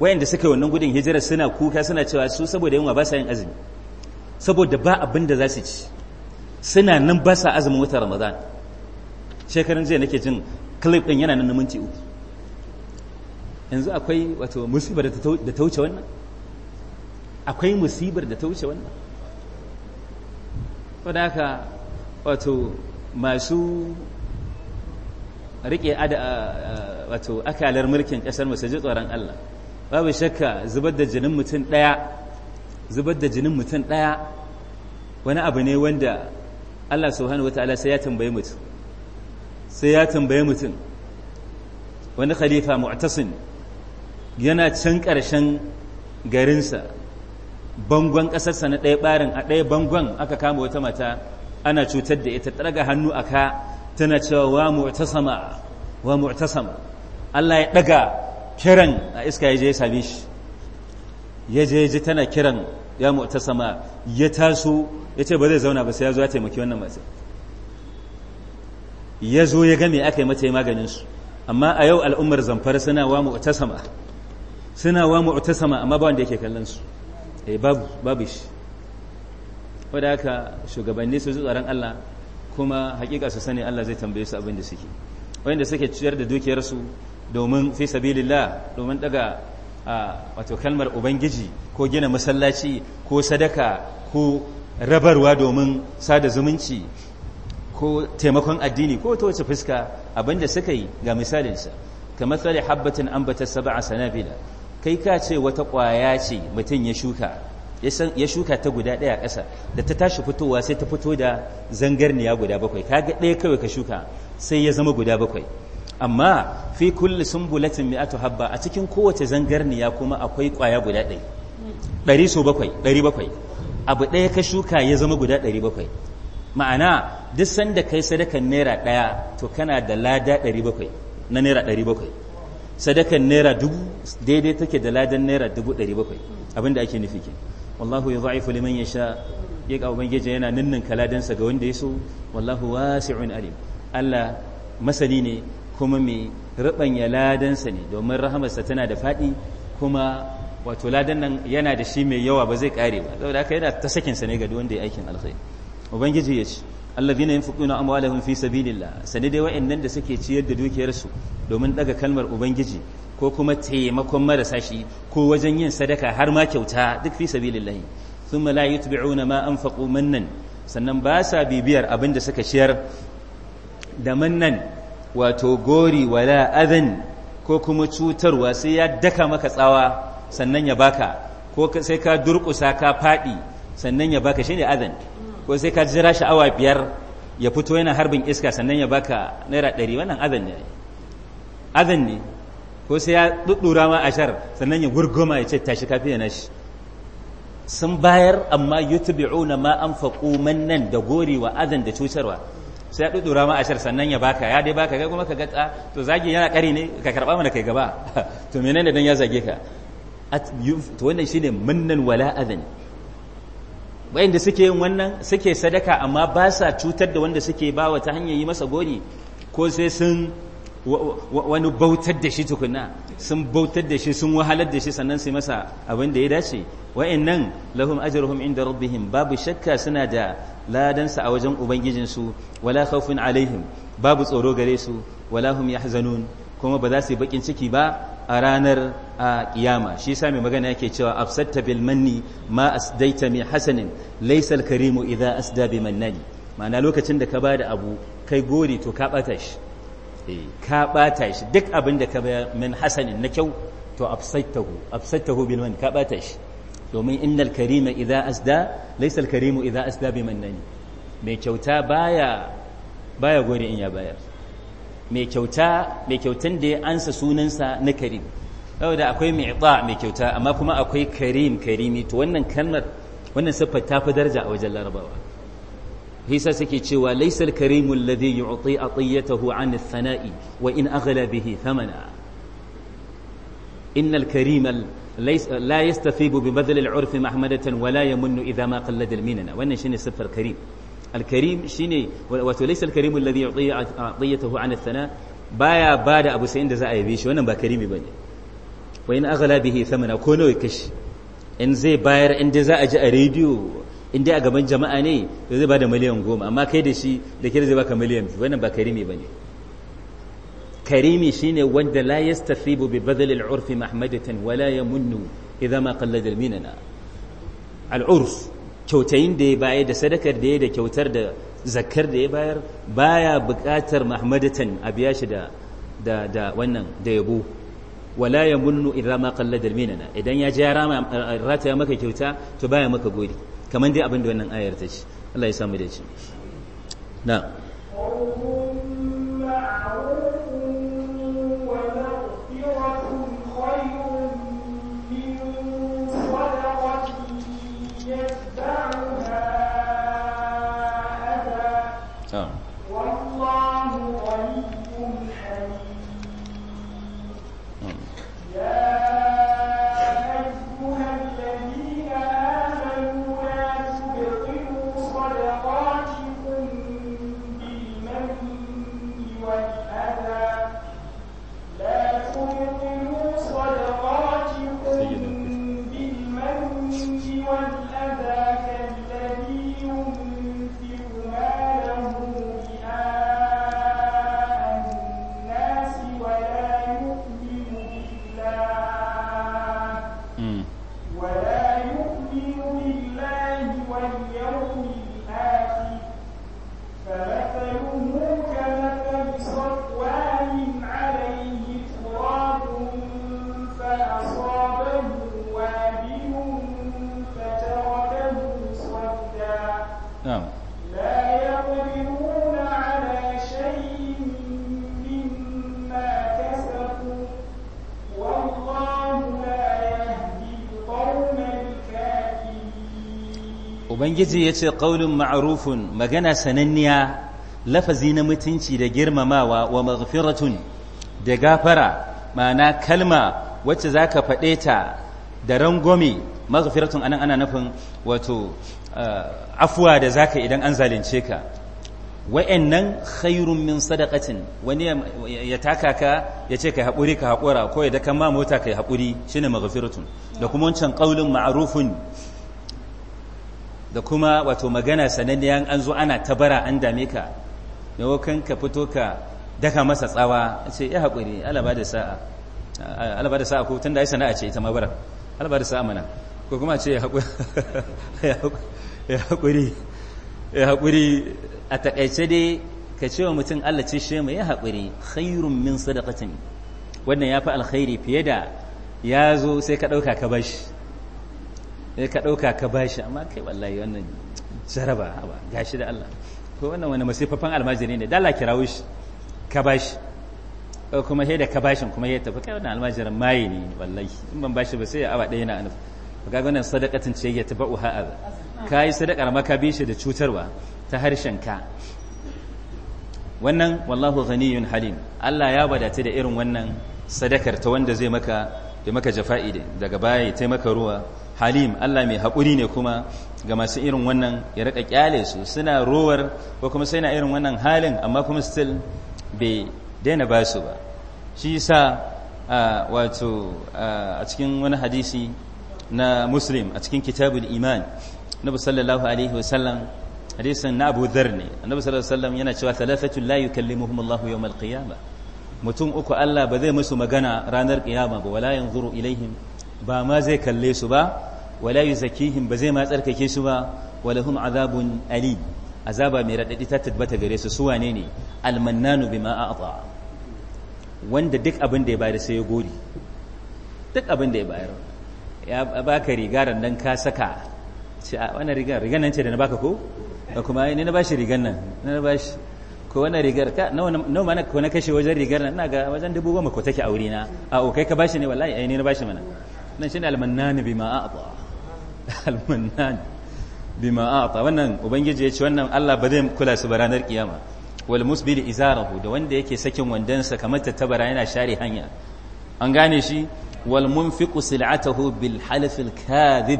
wayanda suka yi wannan gudun hijira suna kuka suna cewa su saboda yunwa ba sa yin azumi saboda ba abin da za su ci suna nan ba sa azumin wata ramadan shekaran jiya nake jin clip din yana nan na minti uku yanzu akwai wato musibar da ta wuce wannan akwai musibar da ta wuce wannan wadda haka wato masu rike wato akalar mulkin kasar masu ji tsoron Allah babu shakka zubar da jinin mutum ɗaya zubar da jinin mutum ɗaya wani abu ne wanda Allah subhanahu wa ta'ala sai ya tambaye mutum sai ya tambaye mutum wani khalifa mutasin yana can ƙarshen garinsa bangon ƙasarsa na ɗaya ɓarin a ɗaya bangon aka kama wata mata ana cutar da ita ɗaga hannu a ka tana cewa wa mu'tasama wa mu'tasama Allah ya ɗaga kiran a iska ya je ya same shi ya je ji tana kiran ya mu'tasama ya taso ya ce ba zai zauna ba sai ya zo ya taimaki wannan mace ya zo ya game aka yi mata yi maganinsu amma a yau al'ummar zamfar suna wa sama suna wa sama amma ba wanda yake kallon su eh babu babu shi wanda haka shugabanni su ran Allah kuma hakika su sani Allah zai tambaye su abin da suke wanda suke ciyar da dukiyar su domin fi sabilillah domin daga wato kalmar ubangiji ko gina masallaci ko sadaka ko rabarwa domin sada zumunci ko taimakon addini ko ta wace fuska abinda suka yi ga misalinsa ka matsali habbatin bata saba'a sanabila kai ka ce wata ƙwaya ce mutum ya shuka ya shuka ta guda ɗaya ƙasa da ta tashi fitowa sai ta fito da zangarniya guda bakwai Ka ga ɗaya kawai ka shuka sai ya zama guda bakwai amma fi kulli sumbulatin ato habba a cikin kowace zangarniya kuma akwai ƙwaya guda ɗaya ɗari so bakwai ɗari bakwai abu ɗaya ka shuka ya zama guda ɗari bakwai ma'ana duk sanda kai sadakan naira daya to kana da lada ɗari na naira ɗari bakwai sadakan naira dubu daidai take da ladan naira dubu ɗari abinda ake nufi ke wallahu ya za'ifu liman ya sha ya ga ubangiji yana ninnin kaladansa ga wanda ya so wallahu wasi'un alim Allah masani ne kuma mai ya ladansa ne domin rahamarsa tana da faɗi kuma wato ladan nan yana da shi mai yawa ba zai kare ba saboda haka yana ta sa ne ga wanda ya aikin alkhairi ubangiji ya ce allazina yunfiquna amwalahum fi sabilillah sani dai wa'annan da suke ciyar da dukiyarsu domin daga kalmar ubangiji ko kuma taimakon marasa shi ko wajen yin sadaka har ma kyauta duk fi sabilillah thumma la yutbi'una ma anfaqu mannan sannan ba sa bibiyar abin da suka ciyar da mannan wato gori wala adan ko kuma cutarwa sai ya daka maka tsawa sannan ya baka ko sai ka durƙusa ka faɗi sannan ya baka shine azan ko sai ka jira sha'awa biyar ya fito yana harbin iska sannan ya baka naira ɗari wannan azan ne azan ne ko sai ya ɗuɗɗura ma ashar sannan ya gurgoma ya ce tashi kafin na shi sun bayar amma yutbi'una ma faƙo mannan da gori wa azan da cutarwa sai ya ɗuɗɗura ma ashar sannan ya baka ya dai baka kai kuma ka ga ah, to zagi yana ƙari ne ka karɓa mana kai gaba to menene dan ya zage ka to wannan shine mannan wala azan wayanda suke yin wannan suke sadaka amma ba sa cutar da wanda suke ba wata hanyar yi masa gori ko sai sun wani bautar da shi tukuna sun bautar da shi sun wahalar da shi sannan sai masa abin da ya dace wa'annan lahum ajruhum inda rabbihim babu shakka suna da ladansa a wajen su wala khawfun alaihim babu tsoro gare su wala hum yahzanun kuma ba za su yi bakin ciki ba a ranar a kiyama shi yasa mai magana yake cewa afsatta bil manni ma asdaita min hasanin laysa al karimu idza asda bi mannani ma'ana lokacin da ka bada abu kai gori to ka bata shi eh, ka bata shi duk abin da ka bayar min hasanin na kyau to afsaitahu afsaitahu bil manni ka bata shi domin innal karima idza asda laysa al karimu idza asda bi mannani mai kyauta baya baya gori in ya bayar mai kyauta mai kyautan da ya ansa sunansa na karim saboda akwai mi'ta mai kyauta amma kuma akwai karim karimi to wannan kalmar wannan siffar ta fi daraja a wajen larabawa hisa suke cewa laisal karimu alladhi yu'ti atiyatahu an ath-thana'i wa in aghla bihi thamana innal karimal ليس لا يستثيب ببذل العرف محمدة ولا يمن إذا ma قلد المنن وإن shine siffar karim. alkarim shine wato laysa alkarim alladhi yu'ti atiyatahu an athana baya bada abu sai inda za a yabe shi wannan ba karimi bane wa in aghla bihi thamana ko nawa kashi in zai bayar in dai za a ji a rediyo in a gaban jama'a ne zai bada miliyan goma amma kai da shi da kira zai baka miliyan biyu wannan ba karimi bane karimi shine wanda la yastathibu bi badal urfi mahmadatan wala yamunnu idza ma qallada kyautayin da ya bayar da sadakar da ya da kyautar da zakar da ya bayar baya buƙatar mahmadatan a biya shi da da wannan da yabo wala ya munnu in rama kalla dalminana idan ya ji ya rataya maka kyauta to baya maka gori kamar dai abin da wannan ayar ta ce Allah ya samu da shi na ubangiji ya ce ƙaunin ma'arufun magana sananniya lafazi na mutunci da girmamawa wa maghfiratun da gafara ma'ana kalma wacce za ka faɗe ta da rangwame maghfiratun anan ana nufin wato eh, afuwa da za ka idan an zalunce ka wa'annan khairun min sadaqatin wani ya taka ka ya ce ka haƙuri ka haƙura ko ya daka ma mota ka yi haƙuri ne maghfiratun da kuma wancan ƙaunin maarufin da kuma wato magana sananniya an zo ana tabara an dame ka maimakon ka fito ka daka masa tsawa a ce ya haƙuri alaba da sa'a alaba da sa'a ko tun da ya sana'a ce ita mabara alaba da sa'a mana ko kuma ce ya haƙuri ya haƙuri a taƙaice dai ka ce wa mutum Allah ce shi mai ya haƙuri khairun min sadaqatin wannan ya fi alkhairi fiye da ya zo sai ka ɗauka ka bashi Eh, ka ɗauka ka bashi amma kai wallahi wannan jaraba haba gashi da Allah ko wannan wani masifafan almajiri ne dala kirawo shi ka bashi kuma sai da ka bashin kuma ya tafi kai wannan almajirin maye ne wallahi in ban bashi ba sai ya awa ɗaya na anufa ga wannan sadakatin ce ya tabu ha'a ka yi sadakar maka bi shi da cutarwa ta harshen ka wannan wallahu ghaniyun halim Allah ya wadata da irin wannan sadakar ta wanda zai maka ya maka jafa'i daga baya ya taimaka ruwa halim Allah mai haƙuri ne kuma ga masu irin wannan ya rika kyale su suna rowar ko kuma sai na irin wannan halin amma kuma still bai daina ba su ba shi sa wato a cikin wani hadisi na muslim a cikin kitabul iman nabi sallallahu alaihi sallam hadisin na abu dhar ne annabi sallallahu alaihi yana cewa thalathatu la yukallimuhum Allahu yawm al-qiyamah mutum uku Allah ba zai musu magana ranar kiyama ba wala yanzuru ilaihim ba ma zai kalle su ba wala yuzakkihim ba zai ma tsarkake su ba wala walahum azabun ali azaba mai raɗaɗi ta tabbata gare su su wane ne almannanu a a'ta wanda duk abin da ya bayar sai ya gode duk abin da ya bayar ya baka riga dan ka saka ce a wannan rigar rigar nan ce da na baka ko da kuma ne na bashi rigar nan na bashi ko wannan rigar ka nawa mana ko na kashe wajen rigar nan ina ga wajen dubu goma ko take a wurina a okai ka bashi ne wallahi ai ne na bashi mana nan shine almannan bima a'ta bima a'ta wannan ubangiji ya ce wannan Allah ba zai kula su ba ranar kiyama wal musbil izarahu da wanda yake sakin wandansa kamar ta tabara yana share hanya an gane shi wal munfiqu sil'atahu bil half al kadhib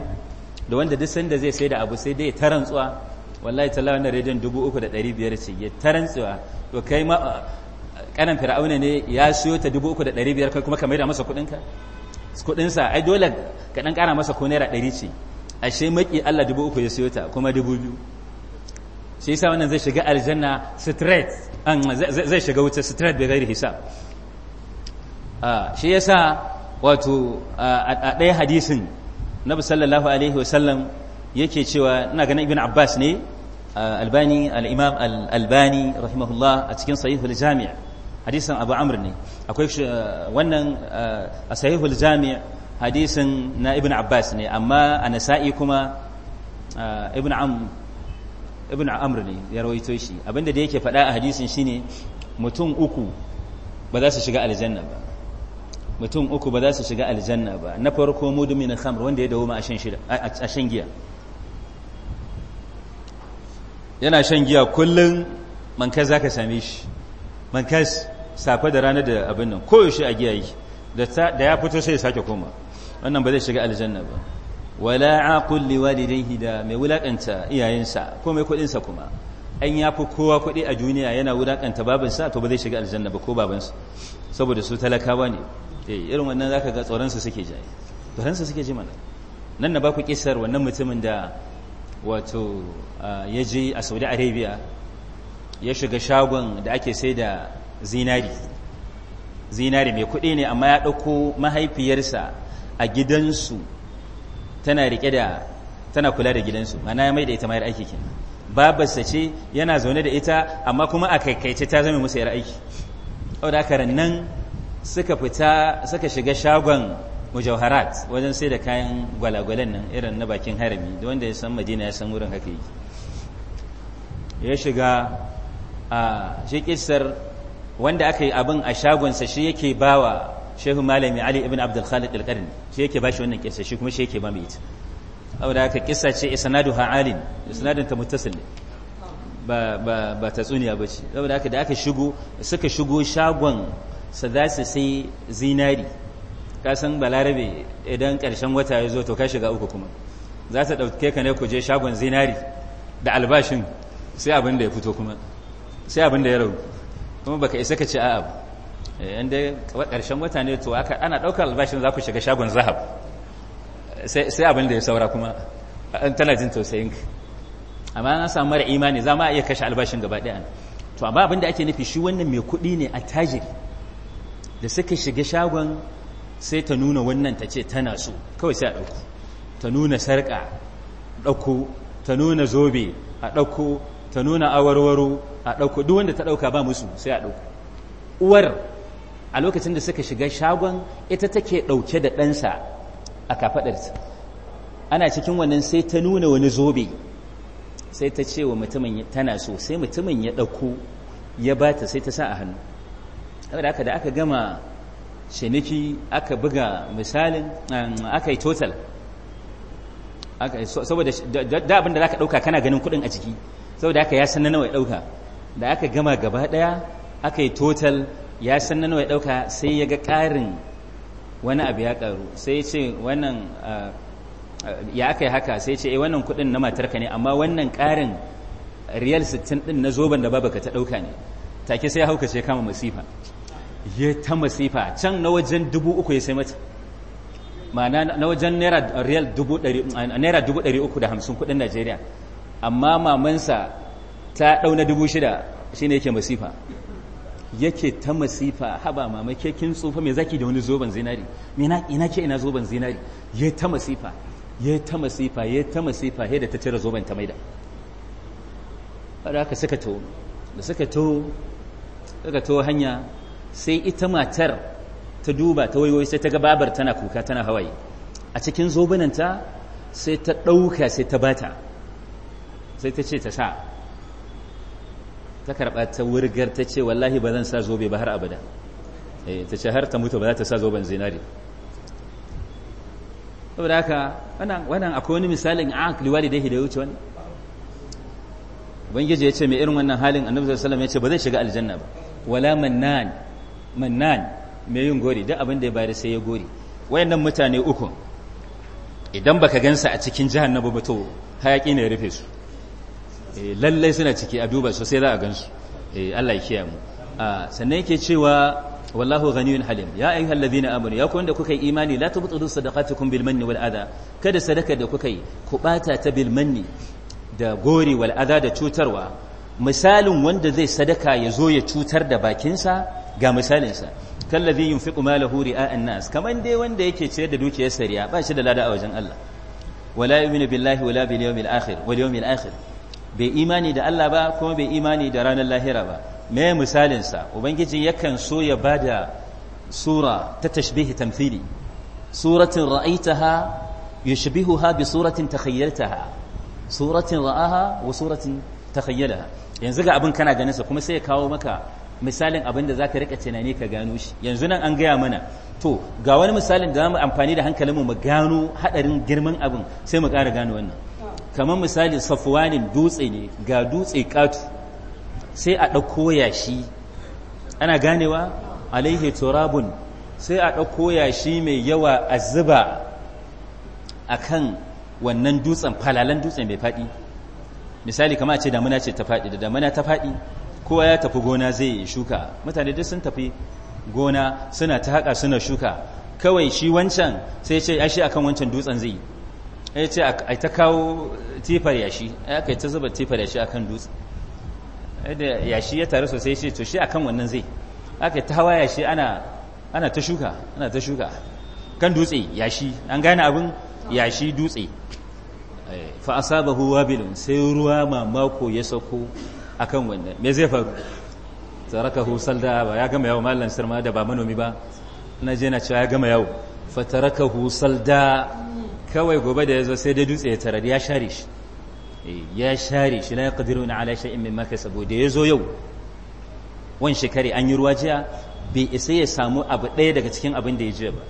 da wanda duk sanda zai sai da abu sai dai tarantsuwa wallahi talla wannan rediyon 3500 ce ya tarantsuwa to kai ma kanan fir'auna ne ya siyo ta 3500 kai kuma ka maida masa kudin ka kuɗinsa ai dole ka dan kara masa ko naira ɗari ce ashe maki Allah dubu uku ya siyo ta kuma dubu biyu shi yasa wannan zai shiga aljanna straight an zai shiga wuta straight bai gairi hisab ah, shi yasa wato a ɗaya hadisin nabi sallallahu alaihi wasallam yake cewa ina ganin ibn abbas ne albani al-imam albani rahimahullah a cikin sahihul jami'a. hadisin abu amr ne akwai eh, wannan eh, a sahihul jami' hadisin na ibn abbas ne amma a nasa'i kuma eh, ibn am amr ne ya rawaito shi abinda da yake faɗa a hadisin shine mutum uku ba za su shiga aljanna ba mutum uku ba za su shiga aljanna ba na farko mudumin khamr wanda ya dawo a shan a shan giya yana shan giya kullum mankas za ka same shi mankas safe da ranar da abin nan koyaushe a giya yi da ya fito sai ya sake koma wannan ba zai shiga aljanna ba wala aqul liwalidayhi da mai wulakanta iyayensa ko mai kudinsa kuma an ya fi kowa kudi a duniya yana wulakanta babansa to ba zai shiga aljanna ba ko babansa saboda su talakawa ne eh irin wannan zaka ga tsoron suke jaye tsoron suke ji mana nan na baku kisar wannan mutumin da wato ah, ya je a Saudi Arabia ya shiga shagon da ake sai da zinari zinari mai kuɗi ne amma ya ɗauko mahaifiyarsa a gidansu tana rike da tana kula da gidansu mana ya mai da ita mayar aiki kenan babarsa ce yana zaune da ita amma kuma a kaikaice ta zama musu yar aiki au da karan nan suka fita suka shiga shagon mujawharat wajen sai da kayan gwalagwalan nan irin na bakin harami da wanda ya san madina ya san wurin haka yi ya shiga a shi wanda aka yi abin a shagonsa shi yake bawa shehu malami ali ibn abdul khalid al-qarni shi yake shi wannan kissa shi kuma shi yake ba mu ita saboda haka kissa ce isnaduha alin isnadin ta muttasil ba ba ba tatsuniya bace saboda haka da aka shigo suka shigo shagon sa za su sai zinari ka san balarabe idan karshen wata ya zo to ka shiga uku kuma za ta ɗauke ka ne ku je shagon zinari da albashin sai abin da ya fito kuma sai abin da ya rabu kuma baka isa ka ci a'a eh, inda ƙarshen wata ne to aka ana ɗaukar albashin za ku shiga shagon zahab sai abin da ya saura kuma an tana jin tausayin ka amma na samu mara imani za ma iya kashe albashin gaba ɗaya to amma abin da ake nufi shi wannan mai kuɗi ne a tajir da suka shiga shagon sai ta nuna wannan ta ce tana so kawai sai a ɗauko ta nuna sarƙa ɗauko ta nuna zobe a ɗauko ta nuna awarwaro a ɗauko duk wanda ta ɗauka ba musu sai a ɗauko uwar a lokacin da suka shiga shagon ita take ɗauke da ɗansa a kafaɗarta ana cikin wannan sai ta nuna wani zobe sai ta ce wa mutumin tana so sai mutumin ya ɗauko ya ba ta sai ta sa a hannu saboda haka da aka gama shaniki, aka buga misalin um, aka yi total saboda da abin da za ka ɗauka kana ganin kuɗin a jiki saboda aka ya san na nawa ya dauka da aka gama gaba daya aka yi total ya san na nawa ya dauka sai ya ga karin wani abu ya karu sai ya ce wannan ya aka yi haka sai ya ce eh, wannan kudin na matarka ne amma wannan karin riyal 60 din na zoben da babaka ta dauka ne take sai ya haukace kama masifa ya ta masifa can na wajen dubu uku ya sai mata ma'ana na wajen naira dubu ɗari uku da hamsin kuɗin najeriya amma mamansa ta ɗauna dubu shida shi ne yake masifa yake ta masifa haba mama tsufa mai zaki da wani zoben zinari ina ke ina zoben zinari ya ta masifa ya ta masifa ya ta masifa ya da ta cire zoben ta maida haka suka to da suka to suka to hanya sai ita matar ta duba ta waiwai sai ta ga babar tana kuka tana hawaye a cikin zobenanta sai ta ɗauka sai ta bata sai ta ce ta sa ta karɓa ta wurgar ta ce wallahi ba zan sa zobe ba har abada eh, ta ce har ta mutu ba za ta sa zoben zinari saboda haka wannan akwai wani misalin a liwali da ya wuce wani ubangiji ya ce mai irin wannan halin annabi sallallahu ya ce ba zai shiga aljanna ba wala mannan mannan mai yin gori duk abin da ya bayar sai ya gori wayannan mutane uku idan baka gansa a cikin jihar ba to hayaki ne ya rufe su Eh, lallai suna ciki a duba su sai za a gansu eh, Allah ya kiyaye mu ah, sannan yake cewa wallahu ghaniyun halim ya ayyuhal na amanu ya kun da kuka yi imani la tubtilu sadaqatukum bil manni wal adha kada sadaka da kuka yi ku bata ta bil manni da gori wal adha da cutarwa misalin wanda zai sadaka ya zo ya cutar da bakinsa ga misalinsa kallazi yunfiqu malahu ri'a'an nas kaman dai wanda yake ciyar da dukiyar sariya ba shi da lada a wajen Allah wala yu'minu billahi wala bil yawmil akhir wal yawmil akhir bai imani da Allah ba kuma bai imani da ranar lahira ba me misalinsa ubangiji yakan so ya bada sura ta tashbihi tamthili suratin ra'aitaha yushbihuha bi suratin takhayyaltaha suratin ra'aha wa suratin takhayyalaha yanzu ga abin kana ganin sa kuma sai ya kawo maka misalin abin da zaka rika tunani ka gano shi yanzu nan an gaya mana to ga wani misalin da za mu amfani da hankalinmu mu gano hadarin girman abin sai mu ƙara gano wannan kamar misali safuwanin dutse ne ga dutse katu sai a ɗauko yashi ana ganewa alaihe turabun sai a ɗauko yashi mai yawa a zuba a kan wannan dutsen falalan dutsen mai faɗi misali kama ce damuna ce ta faɗi da damuna ta faɗi kowa ya tafi gona zai yi shuka mutane duk sun tafi gona suna ta haƙa suna shuka kawai shi wancan sai ce ashe akan wancan dutsen zai yi ya ce a ta kawo tifar yashi ya kai ta zuba tifar yashi akan dutse yadda yashi ya taru sosai shi to shi akan wannan zai aka ta hawa yashi ana ana ta shuka ana ta shuka kan dutse yashi an gane abin yashi dutse eh, fa asabahu wabilun sai ruwa mamako ya sako akan wannan me zai faru tarakahu salda ba ya gama yawo mallan sirma da ba manomi ba na je na cewa ya gama yawo fa tarakahu salda kawai gobe da ya zo sai dai dutse ya tarar ya share shi eh, ya share shi la yaqdiruna ala shay'in mimma kasabu saboda ya zo yau wan shekare an yi ruwa jiya bai isa ya samu abu ɗaya daga cikin abin da ya jiya ba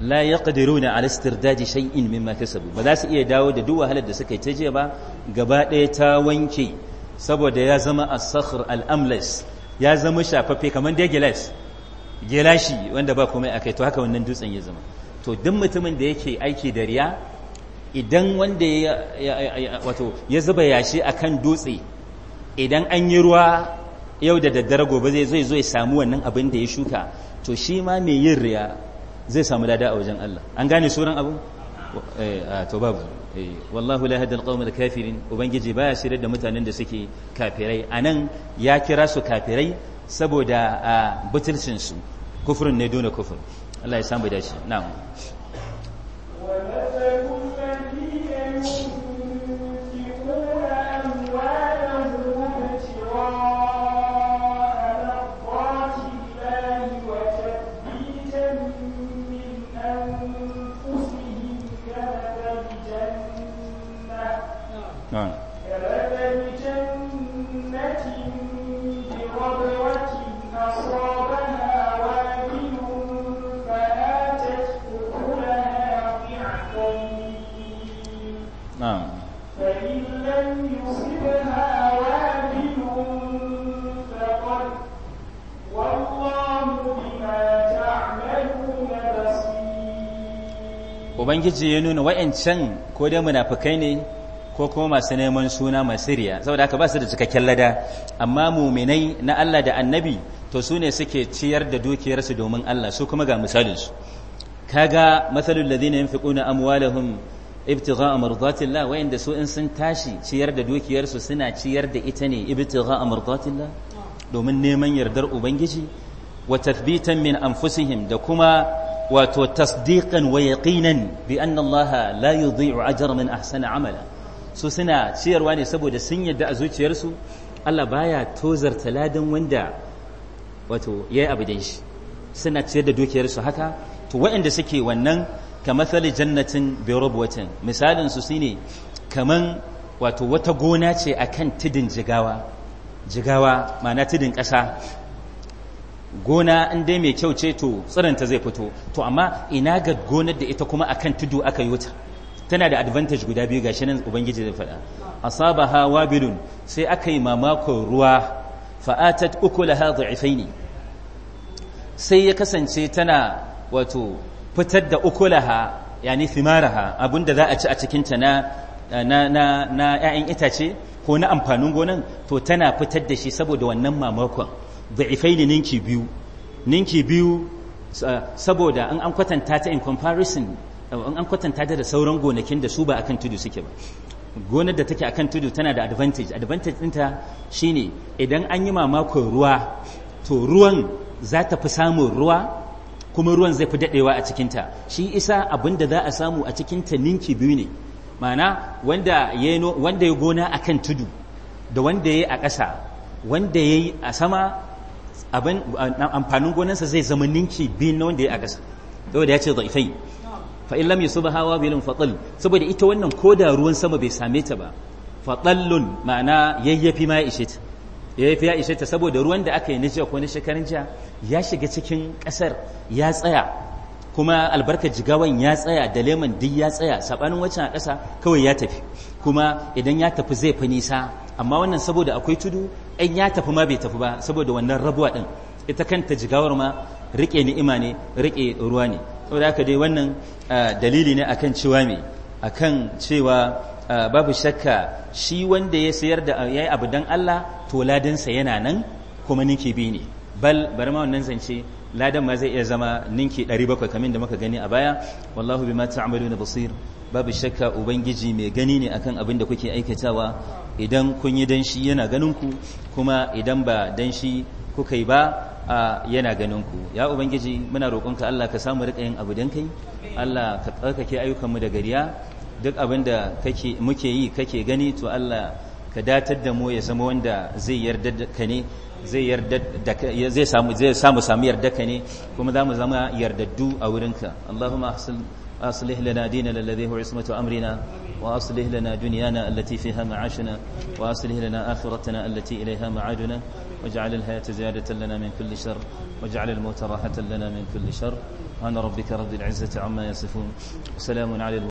la yaqdiruna ala sitar daji istirdaji shay'in mimma kasabu ba za su iya dawo da duk wahalar da suka yi ta jiya ba gaba ɗaya ta wanke saboda ya zama a sakhr al'amlas ya zama shafaffe kamar dai gilas gilashi wanda ba komai akai to haka wannan dutsen ya zama to duk mutumin da yake aiki da riya idan wanda ya zuba yashi akan dutse idan an yi ruwa yau da daddare gobe zai zai zo ya samu wannan abin da ya shuka to shi ma mai yin riya zai samu dada a wajen Allah an gane suran abu eh, to babu eh, wallahu la hada alqawm alkafirin ubangiji baya shirar da mutanen da suke kafirai anan ya kira su kafirai saboda butulcin su kufrun ne dole kufur Allah ya samu dace na'am ubangiji ya nuna wa'ancan ko dai munafukai ne ko kuma masu neman suna masu riya saboda haka ba su da cikakken lada amma muminai na Allah da annabi to su ne suke ciyar da dukiyarsu domin Allah su kuma ga misalinsu kaga matsalul ladina yunfiquna amwalahum ibtigha'a mardatillah wayanda su in sun tashi ciyar da dukiyarsu suna ciyar da ita ne ibtigha'a mardatillah domin neman yardar ubangiji wa tathbitan min anfusihim da kuma wato tasdiqan wa yaqinan bi anna Allah la yudhi'u ajra man ahsana amala so suna ciyarwa ne saboda sun yadda a zuciyarsu Allah baya tozarta ladan wanda wato yayi abu da shi suna ciyar da dukiyarsu haka to waɗanda suke wannan ka jannatin bi rubwatin misalin su shine kaman wato wata gona ce akan tidin jigawa jigawa ma'ana tidin ƙasa gona in dai mai kyau ce to tsiranta zai fito to amma ina ga gonar da ita kuma akan tudu aka yi wuta tana da advantage guda biyu gashi nan ubangiji zai faɗa asabaha wabilun sai aka yi mamakon ruwa fa'atat ukulaha dha'ifaini sai ya kasance tana wato fitar da uku ukulaha yani thimaraha abinda za a ci a cikin ta na na na na itace ko na amfanin gonan to tana fitar da shi saboda wannan mamakon da'ifai ne ninki biyu ninki biyu saboda in an kwatanta ta in comparison in an kwatanta ta da sauran gonakin da su ba akan tudu suke ba gonar da take akan tudu tana da advantage advantage dinta shine idan an yi mamakon ruwa to ruwan za ta fi samun ruwa kuma ruwan zai fi daɗewa a cikinta shi isa abin da za a samu a cikinta ninki biyu ne mana wanda ya gona akan tudu da wanda ya yi a ƙasa wanda ya yi a sama abin amfanin gonansa zai zama ninki biyu na wanda ya akasa saboda ya ce zaifai fa in lam yusub hawa bilin fatal saboda ita wannan koda ruwan sama bai same ta ba fatalun ma'ana yayyafi ma ya ishe ta yayyafi ya ishe ta saboda ruwan da aka yi na jiya ko na shekarun jiya ya shiga cikin kasar ya tsaya kuma albarkar jigawan ya tsaya da leman duk ya tsaya sabanin waccan a kasa kawai ya tafi kuma idan ya tafi zai fi nisa amma wannan saboda akwai tudu in ya tafi ma bai tafi ba saboda wannan rabuwa din ita kanta jigawar ma rike ni'ima ne rike ruwa ne saboda haka dai wannan dalili ne akan cewa me akan cewa babu shakka shi wanda ya sayar da yayi abu dan Allah to ladansa yana nan kuma ninki bi ne bal bari ma wannan zance ladan ma zai iya zama ninki 700 kamin da muka gani a baya wallahu bima ta'maluna basir babu shakka ubangiji mai gani ne akan abin da kuke aikatawa idan kun yi danshi yana ganin ku kuma idan ba danshi kuka yi ba yana ganin ku ya ubangiji muna roƙonka Allah ka samu riƙa yin abu dan kai Allah ka tsarkake mu da gariya duk abin da kake muke yi kake gani to Allah ka datar da mu ya zama wanda zai yarda ka ne zai yarda da zai samu zai samu samu yarda ka ne kuma za mu zama yardaddu a wurinka Allahumma ahsin أصلح لنا ديننا الذي هو عصمة أمرنا وأصلح لنا دنيانا التي فيها معاشنا وأصلح لنا آخرتنا التي إليها معادنا واجعل الحياة زيادة لنا من كل شر واجعل الموت راحة لنا من كل شر وأنا ربك رب العزة عما يصفون وسلام على